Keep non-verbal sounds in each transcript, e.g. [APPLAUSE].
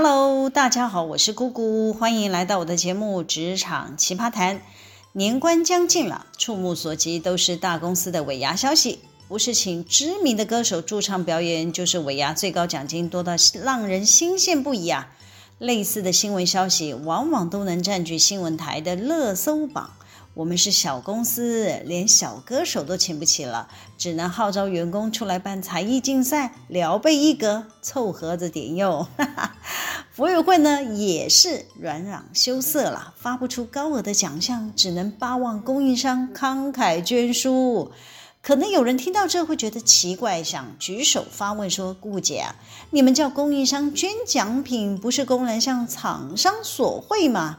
Hello，大家好，我是姑姑，歡迎來到我的節目《職場奇葩談》。年關將近了，觸目所及都是大公司的尾牙消息，不是請知名的歌手駐唱表演，就是尾牙最高獎金多到讓人欣羨不已啊！類似的新聞消息，往往都能占據新聞台的熱搜榜。我們是小公司，連小歌手都請不起了，只能號召員工出來辦才藝競賽，聊備一格，湊合着點用。福 [LAUGHS] 委會呢，也是阮囊羞澀了，發不出高額的獎項，只能巴望供應商慷慨捐輸。可能有人聽到這會覺得奇怪，想舉手發問說：“顧姐啊，你們叫供應商捐獎品，不是公然向廠商索賄嗎？”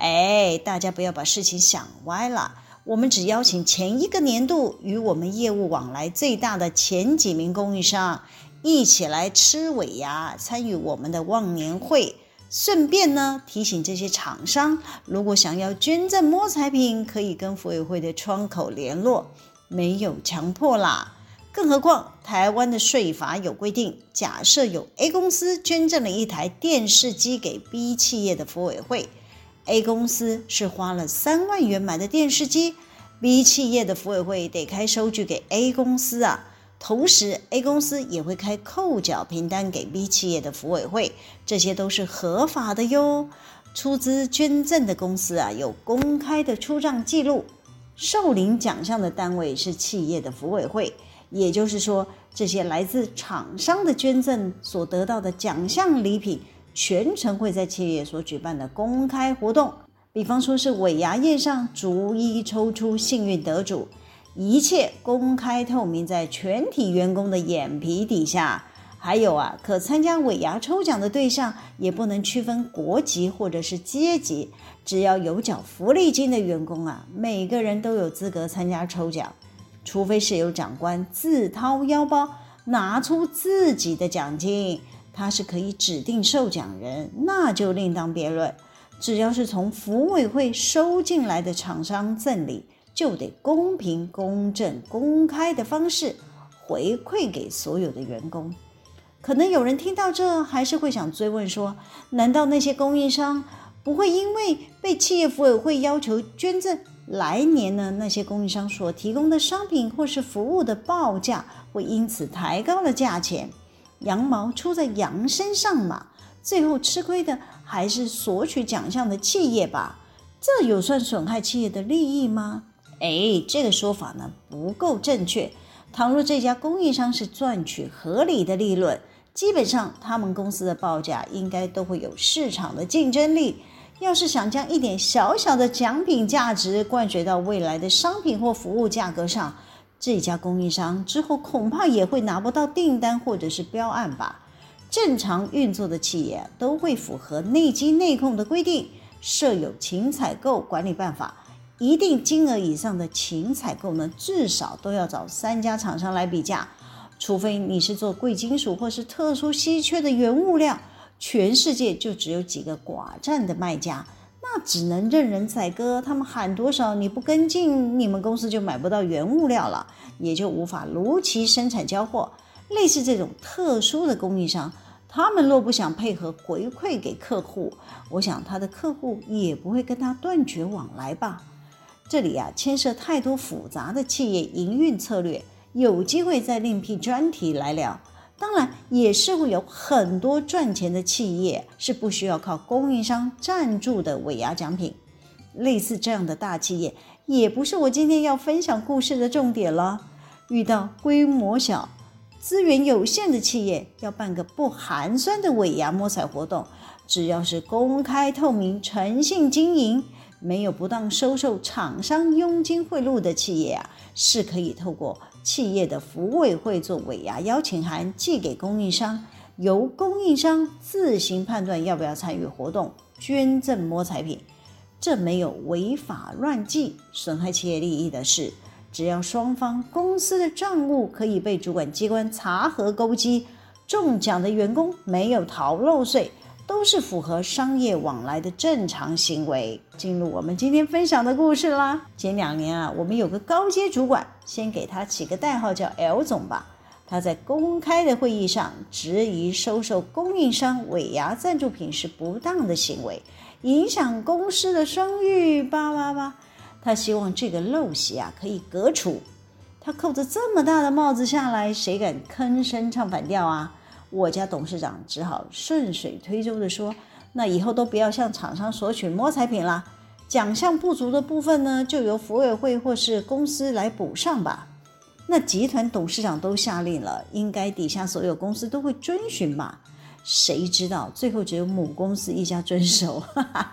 哎，大家不要把事情想歪了。我們只邀請前一個年度與我們業務往來最大的前幾名供應商一起來吃尾牙，參與我們的忘年會。順便呢，提醒這些廠商，如果想要捐贈摸彩品，可以跟服委會的窗口聯絡，沒有強迫啦。更何況，台灣的稅法有規定，假設有 A 公司捐贈了一台電視機給 B 企業的服委會。A 公司是花了三萬元買的電視機，B 企業的福委會得開收據給 A 公司啊，同時 A 公司也會開扣繳憑單給 B 企業的福委會，這些都是合法的喲。出資捐贈的公司啊，有公開的出賬記錄，受領獎項的單位是企業的福委會，也就是說，這些來自廠商的捐贈所得到的獎項禮品。全程會在企業所舉辦的公開活動，比方說是尾牙宴上逐一抽出幸運得主，一切公開透明，在全體員工的眼皮底下。還有啊，可參加尾牙抽獎的對象也不能區分國籍或者是階級，只要有繳福利金的員工啊，每個人都有資格參加抽獎，除非是由長官自掏腰包拿出自己的獎金。他是可以指定受獎人，那就另當別論。只要是從福委會收進來的廠商贈禮，就得公平、公正、公開的方式回饋給所有的員工。可能有人聽到這，還是會想追問說：難道那些供應商不會因為被企業福委會要求捐贈，來年呢，那些供應商所提供的商品或是服務的報價會因此抬高了價錢？羊毛出在羊身上嘛，最後吃虧的還是索取獎項的企業吧？這有算損害企業的利益嗎？哎，這個說法呢，不夠正確。倘若這家供應商是賺取合理的利潤，基本上他們公司的報價應該都會有市場的競爭力。要是想將一點小小的獎品價值灌水到未來的商品或服務價格上，這家供應商之後恐怕也會拿不到訂單或者是標案吧？正常運作的企業都會符合內稽內控的規定，設有請採購管理辦法。一定金額以上的請採購呢，至少都要找三家廠商來比價，除非你是做貴金屬或是特殊稀缺的原物料，全世界就只有幾個寡占的賣家。那只能任人宰割，他們喊多少你不跟進，你們公司就買不到原物料了，也就無法如期生產交貨。類似這種特殊的供應商，他們若不想配合回饋給客戶，我想他的客戶也不會跟他斷絕往來吧。這裡啊，牽涉太多複雜的企業營運策略，有機會再另闢專題來聊。當然也是會有很多賺錢的企業是不需要靠供應商贊助的尾牙獎品，類似這樣的大企業也不是我今天要分享故事的重點了。遇到規模小、資源有限的企業，要辦個不寒酸的尾牙摸彩活動，只要是公開透明、誠信經營。沒有不當收受廠商佣金賄賂的企業啊，是可以透過企業的福委會做尾牙邀請函寄給供應商，由供應商自行判斷要不要參與活動捐贈摸彩品，這沒有違法亂紀損害企業利益的事。只要雙方公司的賬務可以被主管機關查核勾稽，中獎的員工沒有逃漏稅。都是符合商業往來的正常行為。進入我們今天分享的故事啦。前兩年啊，我們有個高階主管，先給他起個代號叫 L 總吧。他在公開的會議上質疑收受供應商尾牙贊助品是不當的行為，影響公司的聲譽，叭叭叭。他希望這個陋習啊可以革除。他扣着這麼大的帽子下來，誰敢吭聲唱反調啊？我家董事長只好順水推舟地說：“那以後都不要向廠商索取摸彩品啦。獎項不足的部分呢，就由福委會或是公司來補上吧。”那集團董事長都下令了，應該底下所有公司都會遵循嘛。誰知道最後只有母公司一家遵守，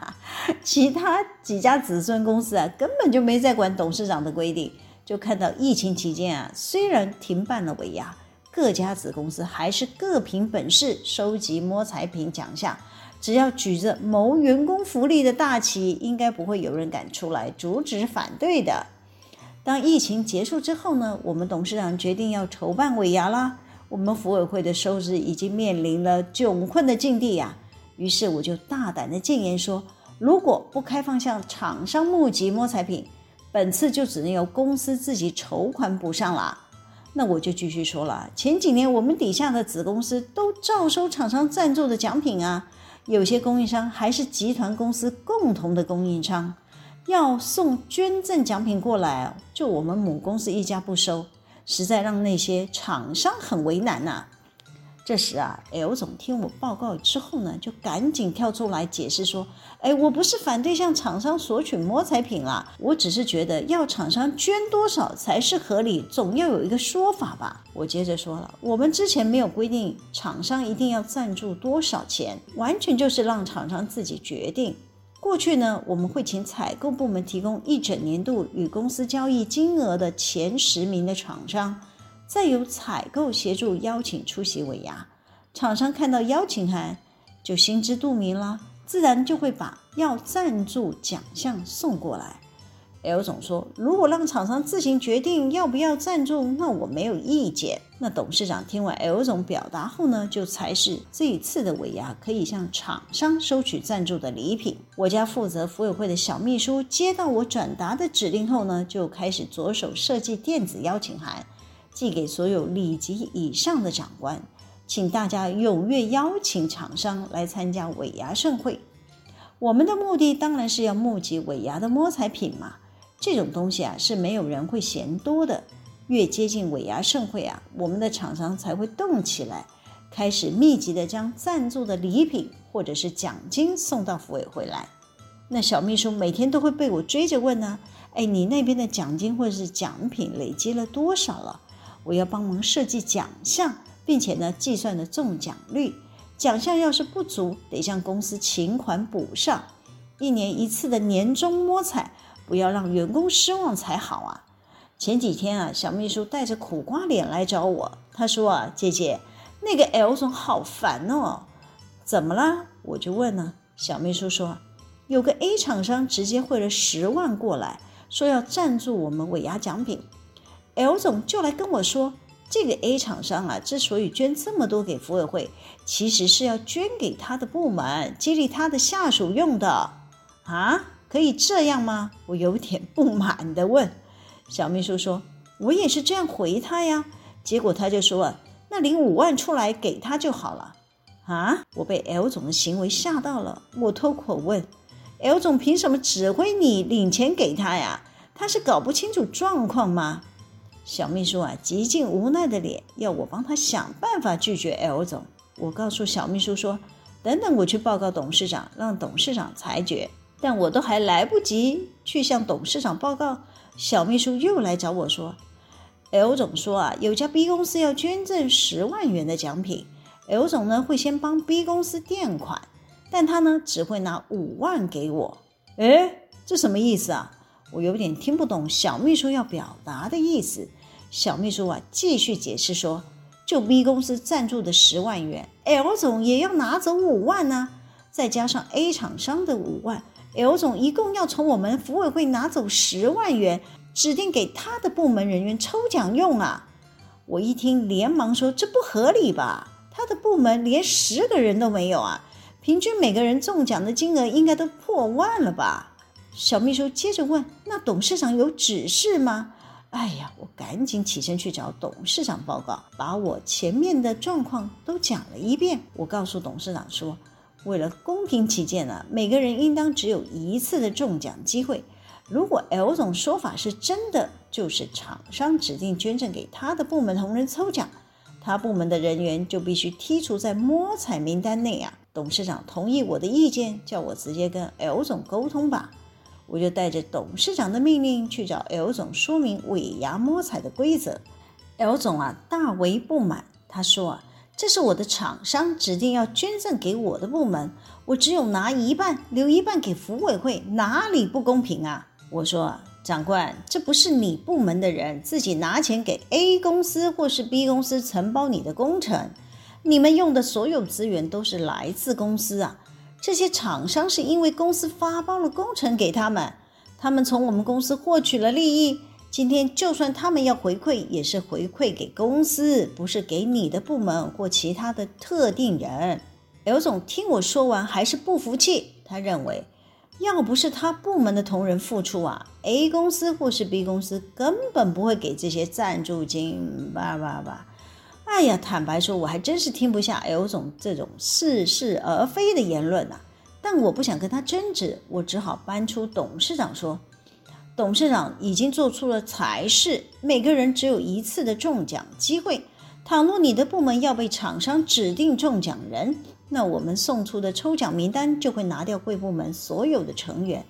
[LAUGHS] 其他幾家子孫公司啊，根本就沒在管董事長的規定。就看到疫情期間啊，雖然停辦了尾牙。各家子公司還是各憑本事收集摸彩品獎項，只要舉着謀員工福利的大旗，應該不會有人敢出來阻止反對的。當疫情結束之後呢，我們董事長決定要籌辦尾牙啦，我們福委會的收支已經面臨了窘困的境地呀、啊。於是我就大膽的建言說，如果不開放向廠商募集摸彩品，本次就只能由公司自己籌款補上了。那我就繼續說了，前幾年我們底下的子公司都照收廠商贊助的獎品啊，有些供應商還是集團公司共同的供應商，要送捐贈獎品過來，就我們母公司一家不收，實在讓那些廠商很為難吶、啊。這時啊，L 總聽我報告之後呢，就趕緊跳出來解釋說：“哎，我不是反對向廠商索取摸彩品啦，我只是覺得要廠商捐多少才是合理，總要有一個說法吧。”我接着說了：“我們之前沒有規定廠商一定要贊助多少錢，完全就是讓廠商自己決定。過去呢，我們會請採購部門提供一整年度與公司交易金額的前十名的廠商。”再由採購協助邀請出席尾牙，廠商看到邀請函就心知肚明了，自然就會把要贊助獎項送過來。L 總說，如果讓廠商自行決定要不要贊助，那我沒有意見。那董事長聽完 L 總表達後呢，就才是這一次的尾牙可以向廠商收取贊助的禮品。我家負責福委會的小秘書接到我轉達的指令後呢，就開始着手設計電子邀請函。寄給所有理級以上的長官，請大家踴躍邀請廠商來參加尾牙盛會。我們的目的當然是要募集尾牙的摸彩品嘛。這種東西啊，是沒有人會嫌多的。越接近尾牙盛會啊，我們的廠商才會動起來，開始密集地將贊助的禮品或者是獎金送到福委會來。那小秘書每天都會被我追着問呢、啊，哎，你那邊的獎金或者是獎品累積了多少了？我要幫忙設計獎項，並且呢計算的中獎率。獎項要是不足，得向公司請款補上。一年一次的年終摸彩，不要讓員工失望才好啊！前幾天啊，小秘書帶着苦瓜臉來找我，他說啊，姐姐，那個 L 總好煩哦。怎麼啦？我就問呢、啊，小秘書說，有個 A 廠商直接匯了十萬過來，說要贊助我們尾牙獎品。L 總就來跟我說：“這個 A 廠商啊，之所以捐這麼多給福委會，其實是要捐給他的部門，激勵他的下屬用的啊？可以這樣嗎？”我有點不滿地問。小秘書說：“我也是這樣回他呀。”結果他就說：“那領五萬出來給他就好了啊？”我被 L 總的行為嚇到了，我脫口問：“L 總憑什麼指揮你領錢給他呀？他是搞不清楚狀況嗎？”小秘書啊，極盡無奈的臉，要我幫他想辦法拒絕 L 總。我告訴小秘書說：“等等，我去報告董事長，讓董事長裁決。”但我都還來不及去向董事長報告，小秘書又來找我說：“L 總說啊，有家 B 公司要捐贈十萬元的獎品，L 總呢會先幫 B 公司墊款，但他呢只會拿五萬給我。”哎，這什麼意思啊？我有點聽不懂小秘書要表達的意思。小秘書啊，繼續解釋說：“就 B 公司贊助的十萬元，L 總也要拿走五萬呢、啊，再加上 A 廠商的五萬，L 總一共要從我們福委會拿走十萬元，指定給他的部門人員抽獎用啊。”我一聽，連忙說：“這不合理吧？他的部門連十個人都沒有啊，平均每個人中獎的金額應該都破萬了吧？”小秘書接着問：“那董事長有指示嗎？”哎呀，我趕緊起身去找董事長報告，把我前面的狀況都講了一遍。我告訴董事長說，為了公平起見呢、啊，每個人應當只有一次的中獎機會。如果 L 總說法是真的，就是廠商指定捐贈給他的部門同仁抽獎，他部門的人員就必須剔除在摸彩名單內啊。董事長同意我的意見，叫我直接跟 L 總溝通吧。我就帶着董事長的命令去找 L 總說明尾牙摸彩的規則，L 總啊大為不滿，他說啊，這是我的廠商指定要捐贈給我的部門，我只有拿一半留一半給福委會，哪裡不公平啊？我說啊長官，這不是你部門的人自己拿錢給 A 公司或是 B 公司承包你的工程，你們用的所有資源都是來自公司啊。這些廠商是因為公司發包了工程給他們，他們從我們公司獲取了利益。今天就算他們要回饋，也是回饋給公司，不是給你的部門或其他的特定人。劉總聽我說完還是不服氣，他認為要不是他部門的同仁付出啊，A 公司或是 B 公司根本不會給這些贊助金，叭叭叭。哎呀，坦白說，我還真是聽不下 L 總這種似是而非的言論吶啊。但我不想跟他爭執，我只好搬出董事長說：“董事長已經做出了裁示，每個人只有一次的中獎機會。倘若你的部門要被廠商指定中獎人，那我們送出的抽獎名單就會拿掉貴部門所有的成員，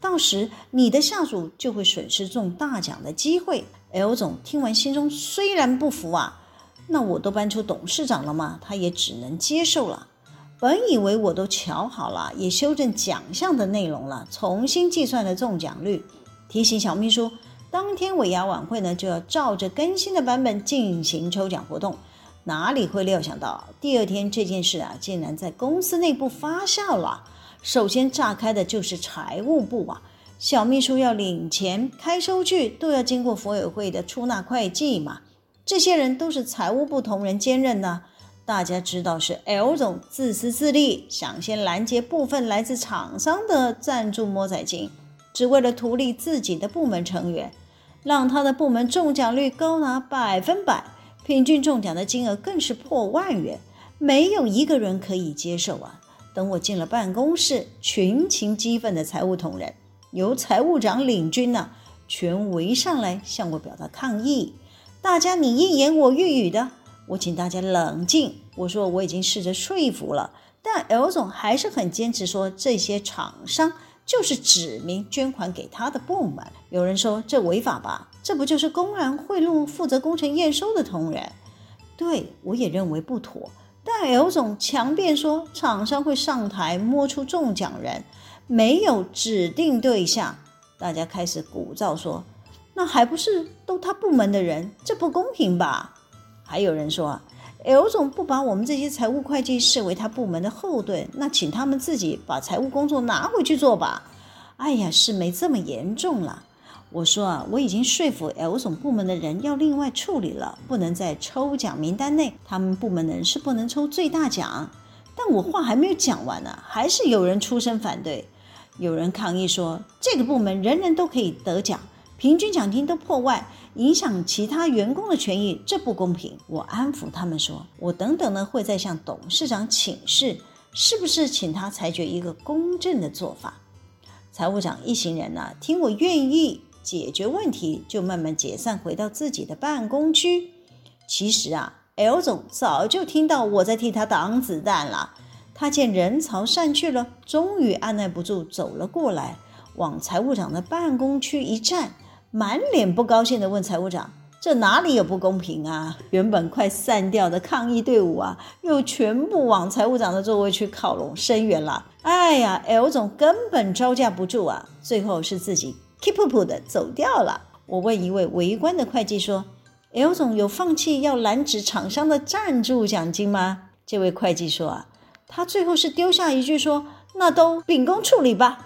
到時你的下屬就會損失中大獎的機會。”L 總聽完，心中雖然不服啊。那我都搬出董事長了嗎？他也只能接受了。本以為我都瞧好了，也修正獎項的內容了，重新計算了中獎率。提醒小秘書，當天尾牙晚會呢，就要照着更新的版本進行抽獎活動。哪裡會料想到，第二天這件事啊，竟然在公司內部發酵了。首先炸開的就是財務部啊，小秘書要領錢、開收據，都要經過福委會的出納會計嘛。這些人都是財務部同仁兼任的、啊，大家知道是 L 總自私自利，想先攔截部分來自廠商的贊助摸彩金，只為了圖利自己的部門成員，讓他的部門中獎率高達百分百，平均中獎的金額更是破萬元，沒有一個人可以接受啊！等我進了辦公室，群情激憤的財務同仁由財務長領軍呢、啊，全圍上來向我表達抗議。大家你一言，我一語的，我請大家冷靜。我說我已經試着說服了，但 L 總還是很堅持說這些廠商就是指名捐款給他的部門。有人說這違法吧？這不就是公然賄賂負責工程驗收的同仁？對，我也認為不妥。但 L 總強辯說廠商會上台摸出中獎人，沒有指定對象。大家開始鼓噪說。那還不是都他部門的人，這不公平吧？還有人說，L 總不把我們這些財務會計視為他部門的後盾，那請他們自己把財務工作拿回去做吧。哎呀，是沒這麼嚴重啦。我說啊，我已經說服 L 總部門的人要另外處理了，不能在抽獎名單內。他們部門的人是不能抽最大獎。但我話還沒有講完呢、啊，還是有人出聲反對，有人抗議說，這個部門人人都可以得獎。平均獎金都破萬，影響其他員工的權益，這不公平。我安撫他們說：“我等等呢，會再向董事長請示，是不是請他裁決一個公正的做法。”財務長一行人呢、啊，聽我願意解決問題，就慢慢解散，回到自己的辦公區。其實啊，L 總早就聽到我在替他擋子彈了。他見人潮散去了，終於按捺不住走了過來，往財務長的辦公區一站。滿臉不高興地問財務長：“這哪裡有不公平啊？原本快散掉的抗議隊伍啊，又全部往財務長的座位去靠攏聲援了。哎呀，L 總根本招架不住啊，最後是自己 keep up 的走掉了。”我問一位圍觀的會計說：“L 總有放棄要攔止廠商的贊助獎金嗎？”這位會計說：“啊，他最後是丟下一句說：‘那都秉公處理吧。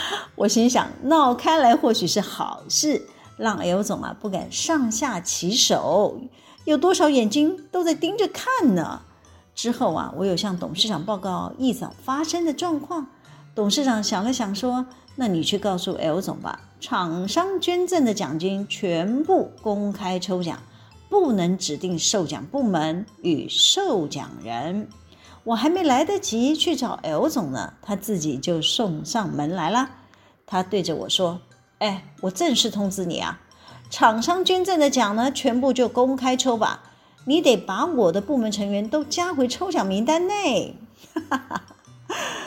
[LAUGHS] ’”我心想，鬧開來或許是好事，讓 L 總啊不敢上下其手，有多少眼睛都在盯着看呢？之後啊，我有向董事長報告一早發生的狀況。董事長想了想，說：“那你去告訴 L 總吧，廠商捐贈的獎金全部公開抽獎，不能指定受獎部門與受獎人。”我還沒來得及去找 L 總呢，他自己就送上門來了。他對着我說：“哎，我正式通知你啊，廠商捐贈的獎呢，全部就公開抽吧。你得把我的部門成員都加回抽獎名單內。 [LAUGHS]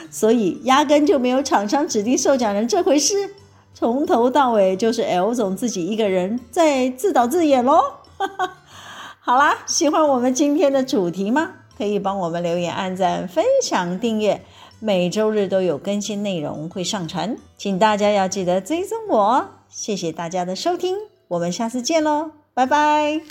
所以壓根就沒有廠商指定受獎人這回事，從頭到尾就是 L 總自己一個人在自導自演嘍。 [LAUGHS] 好啦，喜歡我們今天的主題嗎？可以幫我們留言、按讚、分享、訂閱。”每週日都有更新內容會上傳，請大家要記得追蹤我。謝謝大家的收聽，我們下次見嘍，拜拜。